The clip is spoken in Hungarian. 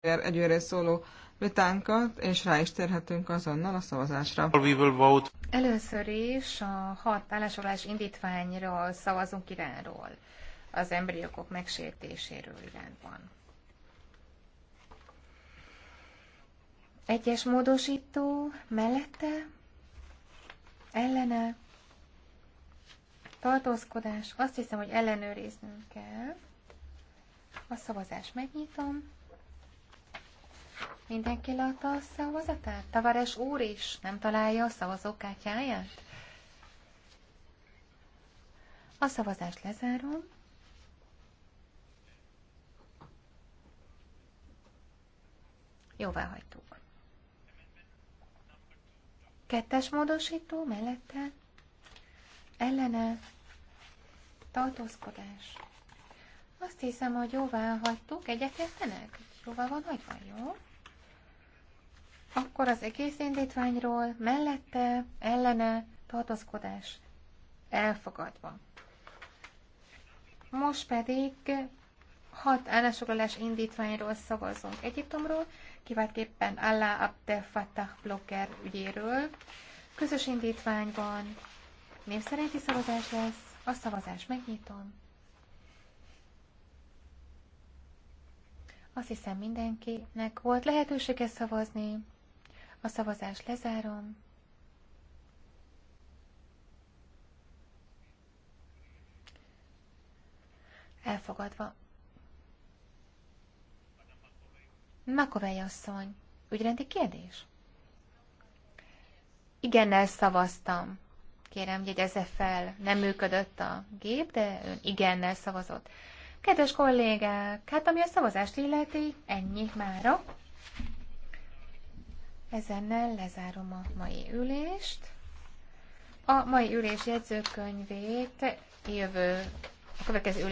egyőre szóló vitánkat, és rá is térhetünk azonnal a szavazásra. Először is a hat állásolás indítványról szavazunk Iránról, az emberi jogok megsértéséről irányban. Egyes módosító mellette, ellene, tartózkodás, azt hiszem, hogy ellenőriznünk kell. A szavazást megnyitom. Mindenki látta a szavazatát? Tavares úr is nem találja a szavazókártyáját? A szavazást lezárom. Jóvá hagytuk. Kettes módosító mellette ellene tartózkodás. Azt hiszem, hogy jóvá hagytuk, egyetértenek? Jóvá van van, jó? Akkor az egész indítványról mellette, ellene, tartozkodás elfogadva. Most pedig hat állásfoglalás indítványról szavazunk Egyiptomról, kiváltképpen Allah Abdel Fattah blogger ügyéről. Közös indítványban van, név szerinti szavazás lesz, a szavazás megnyitom. Azt hiszem mindenkinek volt lehetősége szavazni. A szavazást lezárom. Elfogadva. Makovej asszony, ügyrendi kérdés? Igennel szavaztam. Kérem, jegyezze fel, nem működött a gép, de ön igennel szavazott. Kedves kollégák, hát ami a szavazást illeti, ennyi mára. Ezennel lezárom a mai ülést. A mai ülés jegyzőkönyvét jövő a következő ülés